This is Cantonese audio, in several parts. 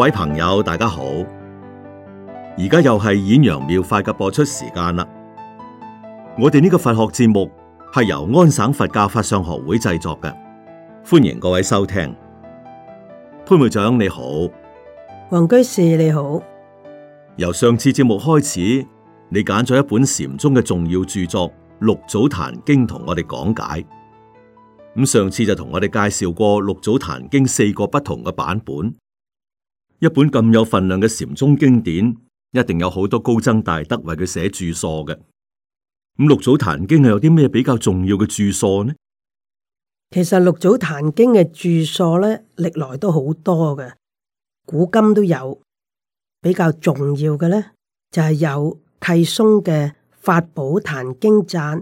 各位朋友，大家好！而家又係《演揚妙法》嘅播出時間啦。我哋呢個佛學節目係由安省佛教法相學會製作嘅，歡迎各位收聽。潘會長你好，黃居士你好。由上次節目開始，你揀咗一本禪宗嘅重要著作《六祖壇經》，同我哋講解。咁上次就同我哋介紹過《六祖壇經》四個不同嘅版本。一本咁有份量嘅禪宗經典，一定有好多高僧大德為佢寫注疏嘅。咁、嗯、六祖壇經係有啲咩比較重要嘅注疏呢？其實六祖壇經嘅注疏咧，歷來都好多嘅，古今都有。比較重要嘅咧，就係、是、有契嵩嘅《法寶壇經讚》，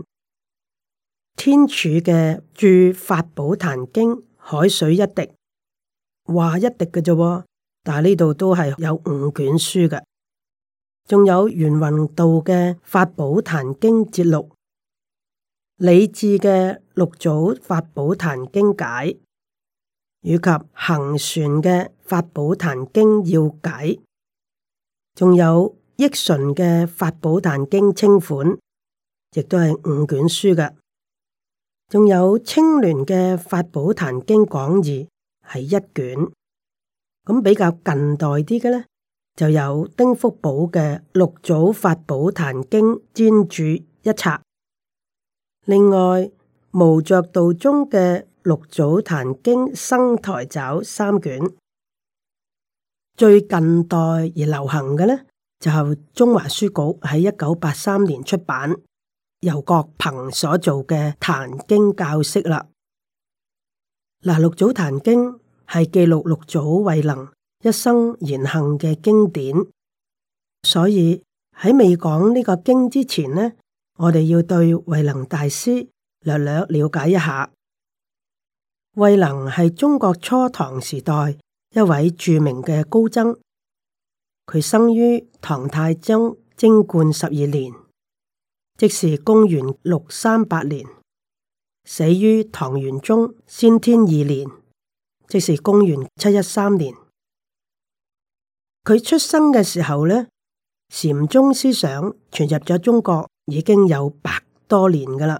天柱嘅注《法寶壇經》，海水一滴，話一滴嘅啫。但係呢度都係有五卷書嘅，仲有袁雲道嘅《法寶壇經節錄》，李志嘅《六祖法寶壇經解》，以及行船嘅《法寶壇經要解》，仲有益純嘅《法寶壇經清款》，亦都係五卷書嘅。仲有青聯嘅《法寶壇經講義》，係一卷。咁比較近代啲嘅呢，就有丁福寶嘅《六祖法寶壇經》專著一冊。另外，無着道中嘅《六祖壇經生台找》三卷。最近代而流行嘅呢，就係中華書局喺一九八三年出版，由郭鵬所做嘅《壇經教釋》啦。嗱，《六祖壇經》。係記錄六祖慧能一生言行嘅經典，所以喺未講呢個經之前呢，我哋要對慧能大師略略了解一下。慧能係中國初唐時代一位著名嘅高僧，佢生於唐太宗貞觀十二年，即是公元六三八年，死於唐玄宗先天二年。即是公元七一三年，佢出生嘅時候呢，禪宗思想傳入咗中國已經有百多年噶啦，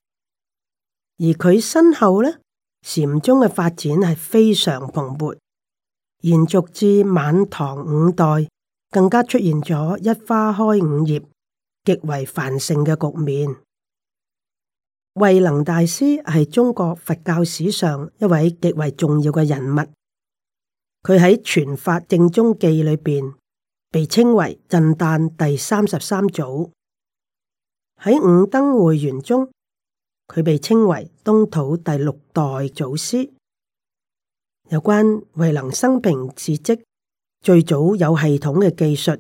而佢身後呢，禪宗嘅發展係非常蓬勃，延續至晚唐五代，更加出現咗一花開五葉，極為繁盛嘅局面。慧能大師係中國佛教史上一位極為重要嘅人物，佢喺《傳法正宗記》裏邊被稱為震旦第三十三祖。喺《五燈會元》中，佢被稱為東土第六代祖師。有關慧能生平事迹，最早有系統嘅記述，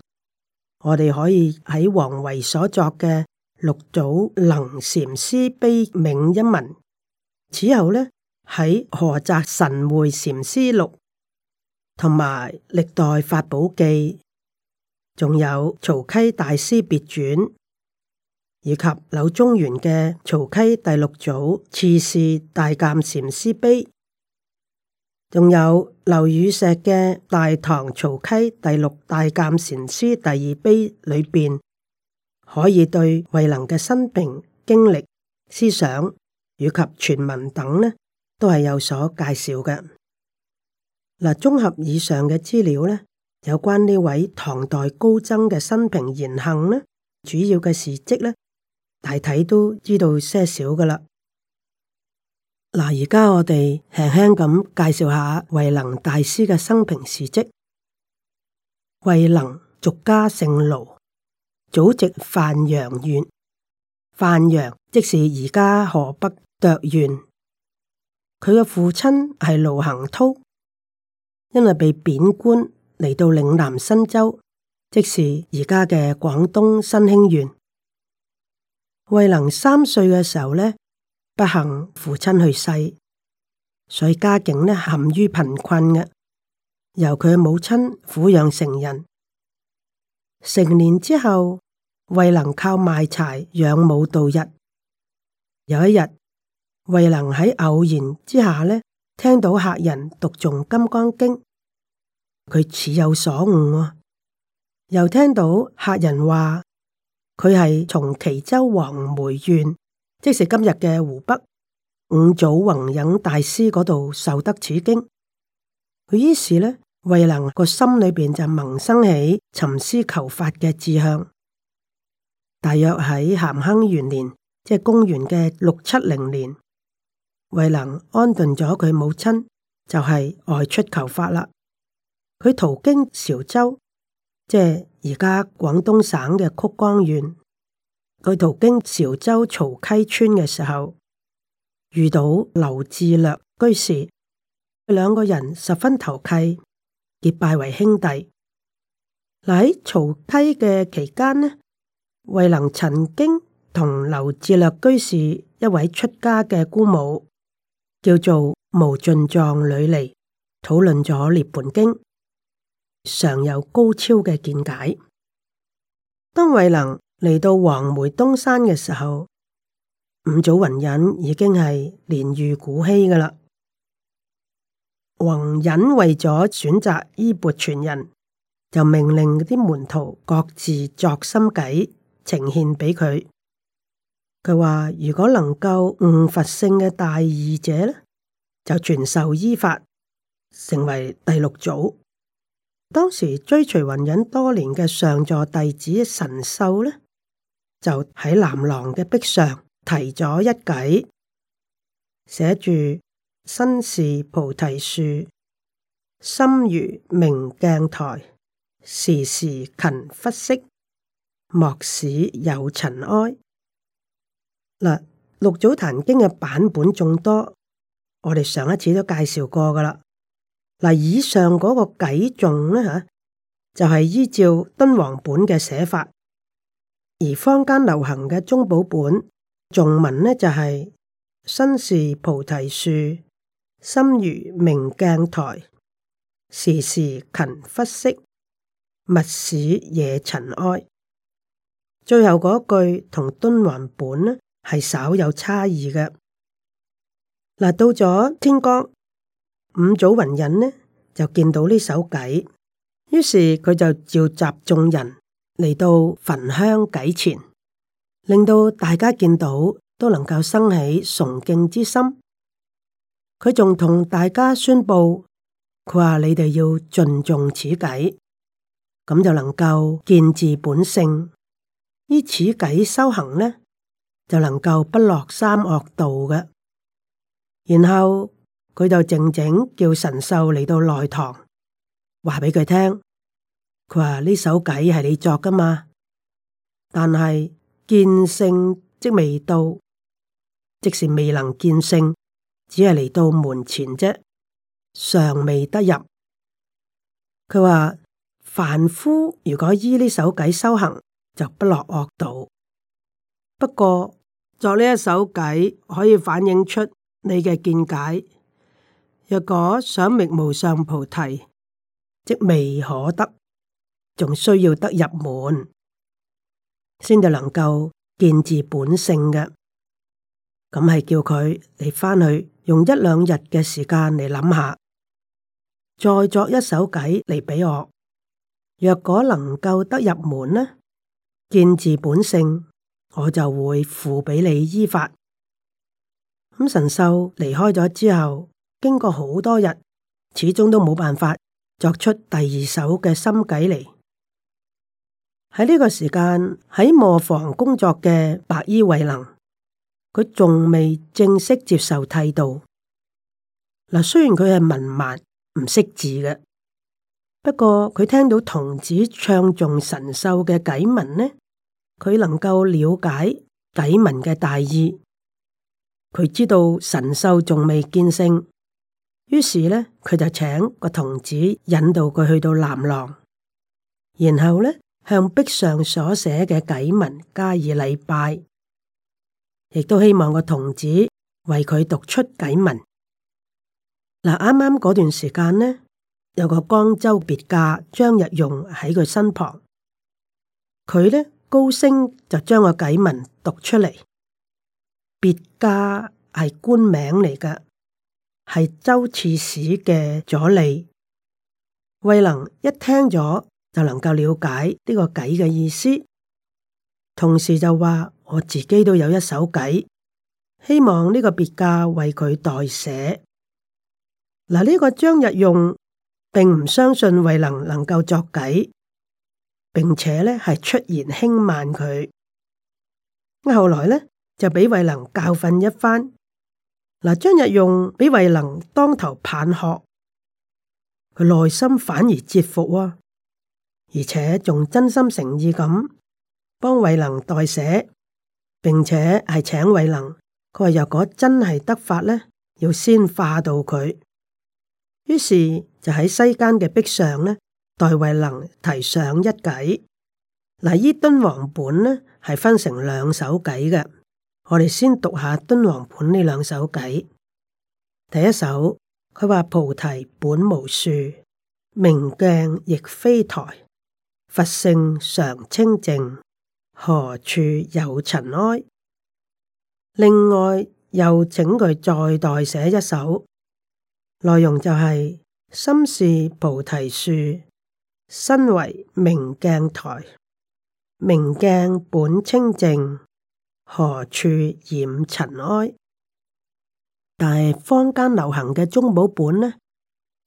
我哋可以喺王維所作嘅。六祖能禪師碑銘一文，此後呢，喺《荷澤神會禪師錄》同埋《歷代法寶記》，仲有曹溪大師別傳，以及柳宗元嘅《曹溪第六祖賜謚大鑒禪師碑》，仲有劉禹錫嘅《大唐曹溪第六大鑒禪師第二碑裡面》裡邊。可以對慧能嘅生平經歷、思想以及傳聞等呢，都係有所介紹嘅。嗱，綜合以上嘅資料呢，有關呢位唐代高僧嘅生平言行呢，主要嘅事蹟呢，大體都知道些少噶啦。嗱，而家我哋輕輕咁介紹下慧能大師嘅生平事蹟。慧能俗家姓盧。祖籍范陽縣，范陽即是而家河北涿縣。佢嘅父親係盧行瑫，因為被貶官嚟到嶺南新州，即是而家嘅廣東新興縣。惠能三歲嘅時候呢，不幸父親去世，所以家境呢陷於貧困嘅，由佢嘅母親撫養成人。成年之後，慧能靠賣柴養母度日。有一日，慧能喺偶然之下呢，聽到客人讀誦《金剛經》，佢似有所悟，啊。又聽到客人話，佢係從蘄州黃梅縣，即是今日嘅湖北五祖弘忍大師嗰度受得此經。佢於是呢，慧能個心裏邊就萌生起尋師求法嘅志向。大約喺咸亨元年，即係公元嘅六七零年，慧能安頓咗佢母親，就係、是、外出求法啦。佢途經韶州，即係而家廣東省嘅曲江縣。佢途經韶州曹溪村嘅時候，遇到劉志略居士，兩個人十分投契。結拜為兄弟。喺曹溪嘅期間呢，慧能曾經同劉志略居士一位出家嘅姑母，叫做無盡藏女嚟討論咗《涅槃經》，常有高超嘅見解。當慧能嚟到黃梅東山嘅時候，五祖云隱已經係年逾古稀噶啦。宏忍為咗選擇衣缽傳人，就命令啲門徒各自作心計呈獻俾佢。佢話如果能夠悟佛性嘅大義者咧，就傳授衣法成為第六祖。當時追隨弘忍多年嘅上座弟子神秀呢，就喺南廊嘅壁上提咗一偈，寫住。身是菩提樹，心如明鏡台，時時勤拂拭，莫使有塵埃。嗱，六祖壇經嘅版本眾多，我哋上一次都介紹過噶啦。嗱，以上嗰個偈頌呢，吓，就係、是、依照敦煌本嘅寫法，而坊間流行嘅宗寶本頌文呢、就是，就係身是菩提樹。心如明鏡台，時時勤拂拭，勿使惹塵埃。最後嗰句同敦煌本呢係稍有差異嘅。嗱，到咗天光，五祖弘忍呢就見到呢首偈，於是佢就召集眾人嚟到焚香偈前，令到大家見到都能夠生起崇敬之心。佢仲同大家宣布，佢話你哋要盡重此偈，咁就能夠見自本性。依此偈修行呢，就能夠不落三惡道嘅。然後佢就靜靜叫神秀嚟到內堂，話俾佢聽。佢話呢首偈係你作噶嘛，但係見性即未到，即是未能見性。只係嚟到門前啫，尚未得入。佢話凡夫如果依呢首偈修行，就不落惡道。不過作呢一首偈可以反映出你嘅見解。若果想覓無上菩提，即未可得，仲需要得入門，先至能夠見自本性嘅。咁係叫佢嚟返去。用一兩日嘅時間嚟諗下，再作一首偈嚟俾我。若果能夠得入門呢，見自本性，我就會付俾你衣法。咁神秀離開咗之後，經過好多日，始終都冇辦法作出第二首嘅心偈嚟。喺呢個時間喺磨房工作嘅白衣慧能，佢仲未正式接受剃度，嗱，雖然佢係文盲唔識字嘅，不過佢聽到童子唱誦神秀嘅偈文呢，佢能夠了解偈文嘅大意，佢知道神秀仲未見性，於是呢，佢就請個童子引導佢去到南廊，然後呢，向壁上所寫嘅偈文加以禮拜。亦都希望個童子為佢讀出偈文。嗱，啱啱嗰段時間呢，有個江州別駕張日用喺佢身旁，佢呢，高聲就將個偈文讀出嚟。別駕係官名嚟嘅，係州刺史嘅佐吏。慧能一聽咗就能夠了解呢個偈嘅意思，同時就話。我自己都有一手偈，希望呢個別駕為佢代寫。嗱，呢個張日用並唔相信慧能能夠作偈，並且呢係出言輕慢佢。後來呢就俾慧能教訓一番。嗱，張日用俾慧能當頭棒喝，佢內心反而折服，啊，而且仲真心誠意咁幫慧能代寫。並且係請慧能，佢話若果真係得法呢，要先化度佢。於是就喺西間嘅壁上呢，代慧能題上一偈。嗱，依敦煌本呢係分成兩首偈嘅，我哋先讀下敦煌本呢兩首偈。第一首，佢話菩提本無樹，明鏡亦非台，佛性常清淨，何處有塵埃？另外又請佢再代寫一首，內容就係、是、心是菩提樹，身為明鏡台，明鏡本清淨，何處染塵埃？但係坊間流行嘅中寶本呢，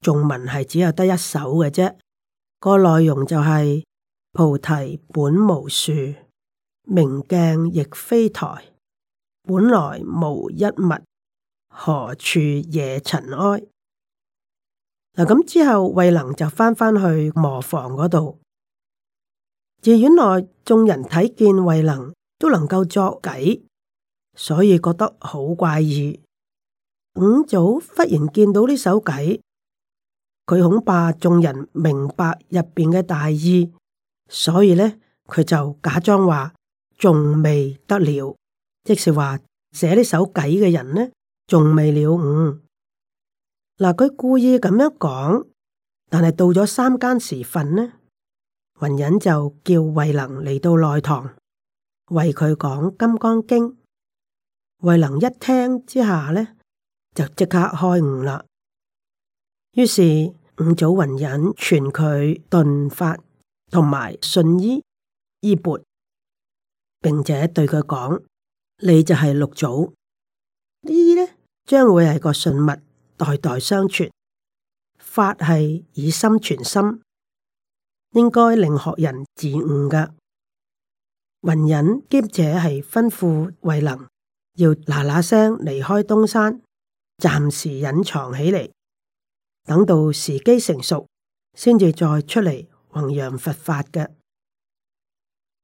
仲文係只有得一首嘅啫，個內容就係、是、菩提本無樹。明鏡亦非台，本來無一物，何處惹塵埃？嗱咁之後，慧能就翻返去磨房嗰度。寺院內眾人睇見慧能都能夠作偈，所以覺得好怪異。五祖忽然見到呢首偈，佢恐怕眾人明白入邊嘅大意，所以呢，佢就假裝話。仲未得了。即是話，寫呢首偈嘅人呢，仲未了悟。嗱、呃，佢故意咁樣講，但係到咗三更時分呢，弘忍就叫慧能嚟到內堂為佢講《金剛經》，慧能一聽之下呢，就即刻開悟啦。於是五祖弘忍傳佢頓法同埋信衣衣鉢。並且對佢講：你就係六祖，呢啲將會係個信物，代代相傳。法係以心傳心，應該令學人自悟㗎。弘忍兼且係吩咐慧能，要嗱嗱聲離開東山，暫時隱藏起嚟，等到時機成熟，先至再出嚟弘揚佛法嘅。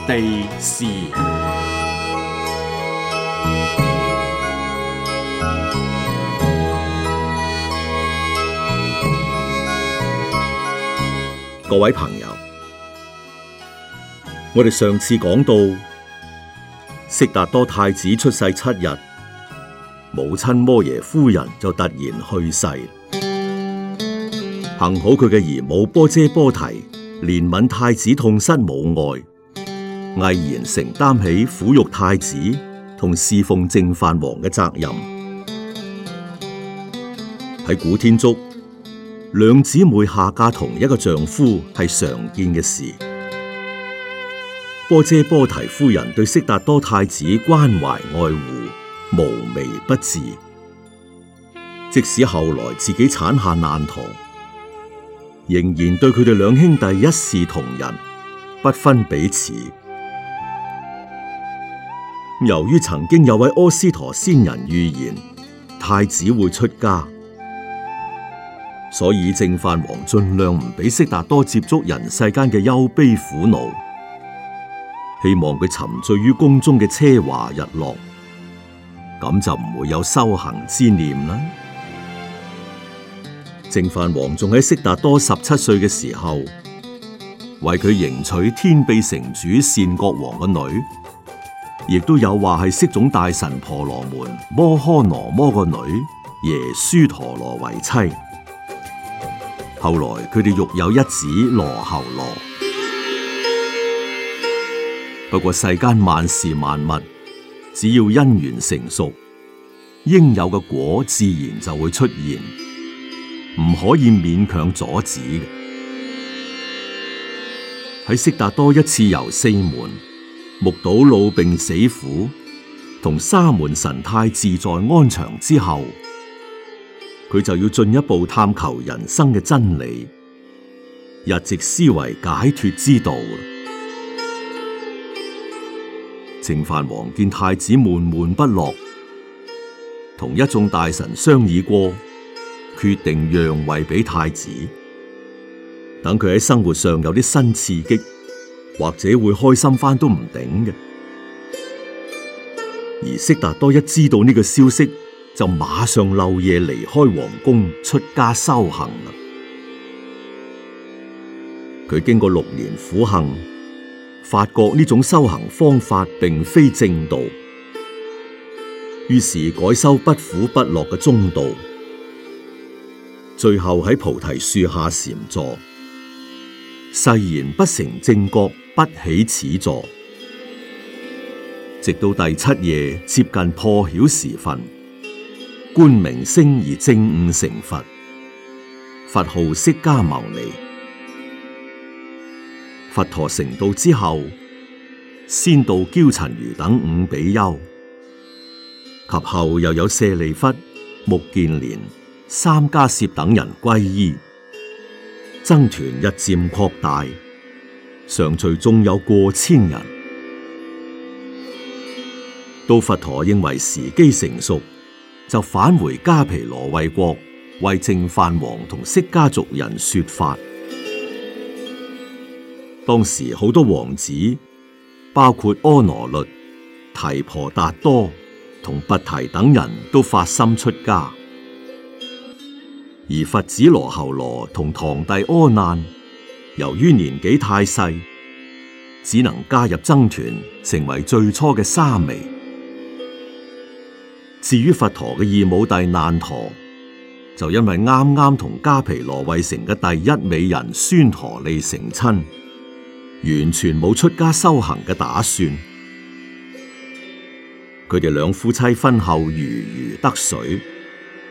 地事，第四。各位朋友，我哋上次講到，悉達多太子出世七日，母親摩耶夫人就突然去世，幸好佢嘅姨母波闍波提憐憫太子痛失母愛，毅然承擔起撫育太子同侍奉淨飯王嘅責任。喺古天竺，兩姊妹下嫁同一個丈夫係常見嘅事。波闍波提夫人對悉達多太子關懷愛護無微不至，即使後來自己產下難陀，仍然對佢哋兩兄弟一視同仁，不分彼此。由於曾經有位阿斯陀仙人預言太子會出家，所以淨飯王盡量唔俾悉達多接觸人世間嘅憂悲苦惱，希望佢沉醉於宮中嘅奢華日落，咁就唔會有修行之念啦。淨飯王仲喺悉達多十七歲嘅時候，為佢迎娶天臂城主善國王嘅女。亦都有話係釋種大神婆羅門摩訶羅摩個女耶輸陀羅為妻，後來佢哋育有一子羅喉羅。不過世間萬事萬物，只要因緣成熟，應有嘅果自然就會出現，唔可以勉強阻止嘅。喺悉達多一次遊四門。目睹老病死苦，同沙門神態自在安詳之後，佢就要進一步探求人生嘅真理，日直思維解脱之道。淨飯王見太子悶悶不樂，同一眾大臣商議過，決定讓位俾太子，等佢喺生活上有啲新刺激。或者會開心翻都唔頂嘅。而悉達多一知道呢個消息，就馬上漏夜離開皇宮出家修行了。佢經過六年苦行，發覺呢種修行方法並非正道，於是改修不苦不樂嘅中道，最後喺菩提樹下禪坐，誓言不成正覺。不起此座，直到第七夜接近破曉時分，睹明星而正悟成佛，佛號釋迦牟尼。佛陀成道之後，先度憍陳如等五比丘，及後又有舍利弗、目犍連、三迦葉等人歸依，僧團日漸擴大。上馀仲有過千人，到佛陀認為時機成熟，就返回加毗羅衛國為淨飯王同釋迦族人說法。當時好多王子，包括阿羅律、提婆達多同拔提等人都發心出家，而佛子羅侯羅同堂弟阿難，由於年紀太細，只能加入僧團，成為最初嘅沙彌。至於佛陀嘅異母弟難陀，就因為啱啱同迦毗羅衛城嘅第一美人孫陀利成親，完全冇出家修行嘅打算。佢哋兩夫妻婚後如魚得水，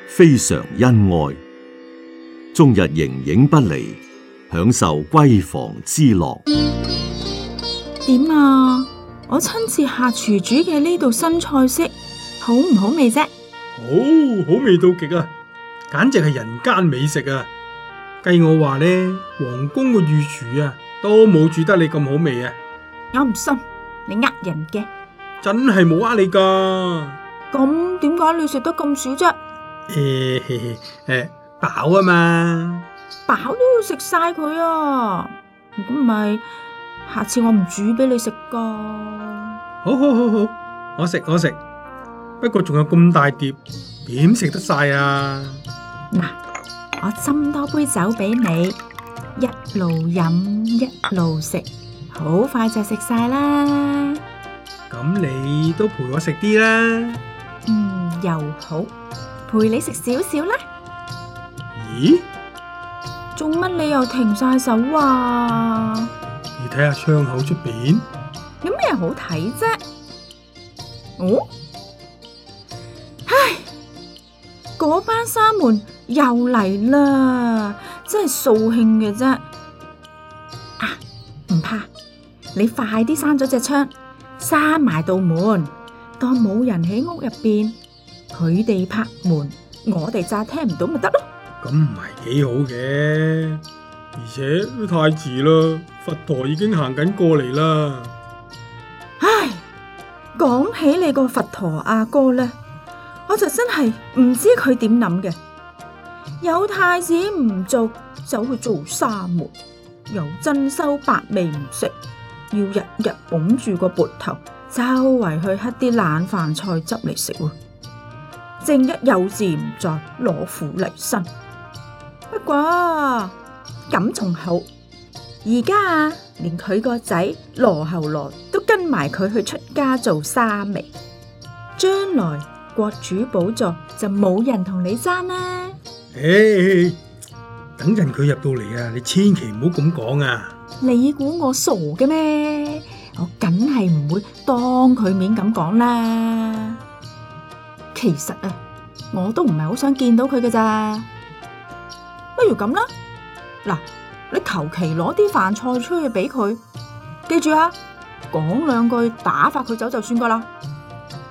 非常恩愛，終日形影不離。享受閨房之樂。點啊！我親自下廚煮嘅呢道新菜式，好唔好味啫？好，哦，好味到極啊！簡直係人間美食啊！計我話咧，皇宮嘅御廚啊，都冇煮得你咁好味啊！我唔信，你呃人嘅？真係冇呃你噶。咁點解你食得咁少啫？誒誒，飽啊嘛！飽都要食晒佢啊！如果唔係，下次我唔煮俾你食㗎。好好好好，我食我食，不過仲有咁大碟，點食得晒啊？嗱，我斟多杯酒俾你，一路飲一路食，好快就食晒啦。咁你都陪我食啲啦。嗯，又好，陪你食少少啦。咦？你又停晒手啊！你睇下窗口出邊有咩好睇啫？哦，唉，嗰班沙門又嚟啦，真係掃興嘅啫！啊，唔怕，你快啲閂咗隻窗，閂埋道門，當冇人喺屋入邊，佢哋拍門，我哋就聽唔到咪得咯。咁唔係幾好嘅，而且都太遲啦！佛陀已經行緊過嚟啦。唉，講起你個佛陀阿哥咧，我就真係唔知佢點諗嘅。有太子唔做，走去做沙門，又珍饈百味唔食，要日日捧住個缽頭，周圍去乞啲冷飯菜汁嚟食。正一幼稚唔在，攞苦嚟辛。果咁仲好，而家連佢個仔羅睺羅都跟埋佢去出家做沙彌，將來國主寶座就冇人同你爭啦。誒，等陣佢入到嚟啊，你千祈唔好咁講啊。你估我傻嘅咩？我梗係唔會當佢面咁講啦。其實啊，我都唔係好想見到佢嘅咋。不如咁啦，嗱，你求其攞啲飯菜出去俾佢，記住啊，講兩句打發佢走就算噶啦。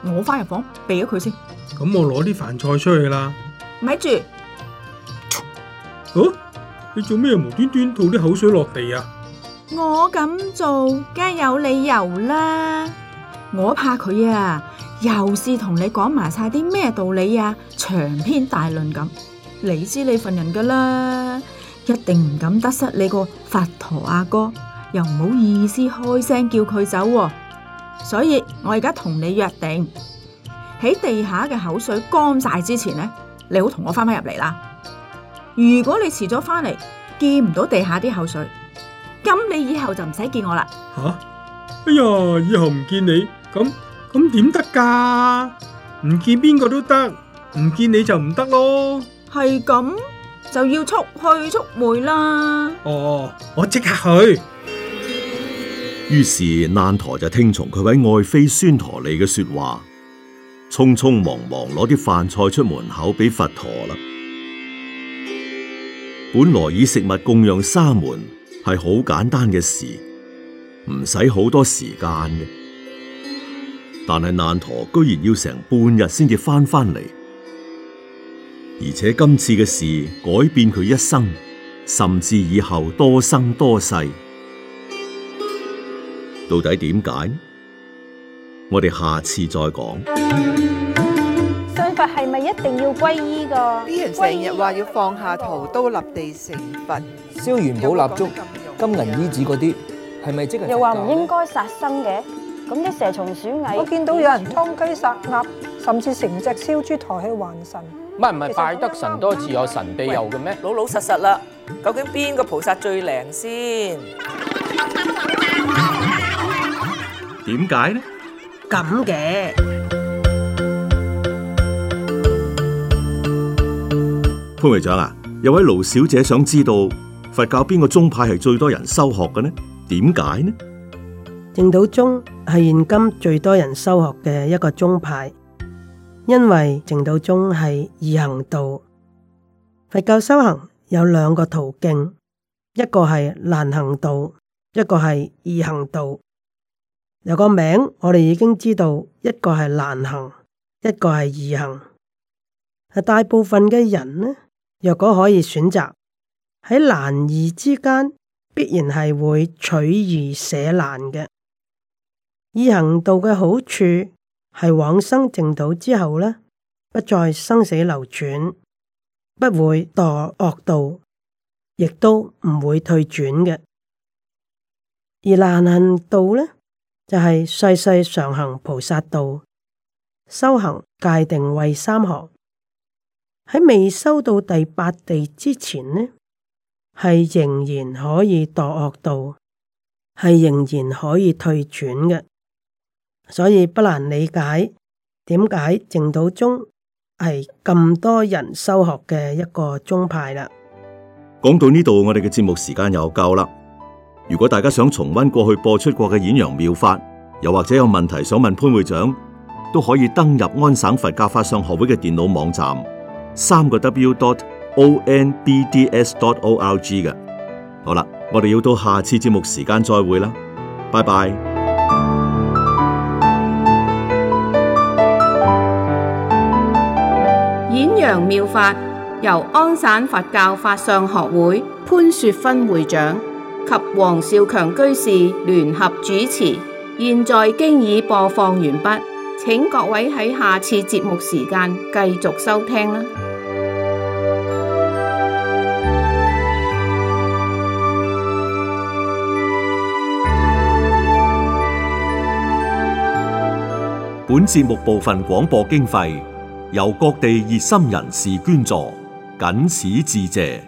我翻入房避咗佢先。咁我攞啲飯菜出去啦。咪住。哦，你做咩無端端吐啲口水落地啊？我咁做，梗係有理由啦。我怕佢啊，又是同你講埋晒啲咩道理啊，長篇大論咁。你知你份人噶啦，一定唔敢得失你個佛陀阿哥，又唔好意思開聲叫佢走，啊。所以，我而家同你約定，喺地下嘅口水乾曬之前咧，你好同我翻返入嚟啦。如果你遲咗翻嚟，見唔到地下啲口水，咁你以後就唔使見我啦。吓，啊，哎呀，以後唔見你，咁咁點得噶？唔見邊個都得，唔見你就唔得咯。係咁，就要速去速回啦。哦，我即刻去。於是難陀就聽從佢位愛妃孫陀利嘅說話，匆匆忙忙攞啲飯菜出門口俾佛陀啦。本來以食物供養沙門係好簡單嘅事，唔使好多時間嘅。但係難陀居然要成半日先至翻返嚟。而且今次嘅事改變佢一生，甚至以後多生多世，到底點解？我哋下次再講。信佛係咪一定要皈依㗎？啲人成日話要放下屠刀立地成佛，燒元寶、蠟燭、金銀衣紙嗰啲，係咪即係？又話唔應該殺生嘅，咁啲蛇蟲鼠蟻，我見到有人劏雞殺鴨，甚至成隻燒豬抬去還神。唔係唔係，拜得神多自有神庇佑嘅咩？老老實實啦，究竟邊個菩薩最靈先？點解呢？咁嘅潘會長啊，有位盧小姐想知道佛教邊個宗派係最多人修學嘅呢？點解呢？淨土宗係現今最多人修學嘅一個宗派。因為淨土宗係易行道，佛教修行有兩個途徑，一個係難行道，一個係易行道。有個名我哋已經知道，一個係難行，一個係易行。大部分嘅人呢，若果可以選擇喺難易之間，必然係會取易捨難嘅。易行道嘅好處。係往生淨土之後呢，不再生死流轉，不會墮惡道，亦都唔會退轉嘅。而難行道呢，就係、是、世世常行菩薩道，修行戒定慧三學。喺未修到第八地之前呢，係仍然可以墮惡道，係仍然可以退轉嘅。所以不難理解點解淨土宗係咁多人修學嘅一個宗派啦。講到呢度，我哋嘅節目時間又夠啦。如果大家想重溫過去播出過嘅《演揚妙法》，又或者有問題想問潘會長，都可以登入安省佛教法相學會嘅電腦網站，三個 W dot O N B D S dot O R G 嘅。好啦，我哋要到下次節目時間再會啦，拜拜。梁妙法由安省佛教法相學會潘雪芬會長及黃少強居士聯合主持，現在經已播放完畢，請各位喺下次節目時間繼續收聽啦。本節目部分廣播經費，由各地熱心人士捐助，謹此致謝。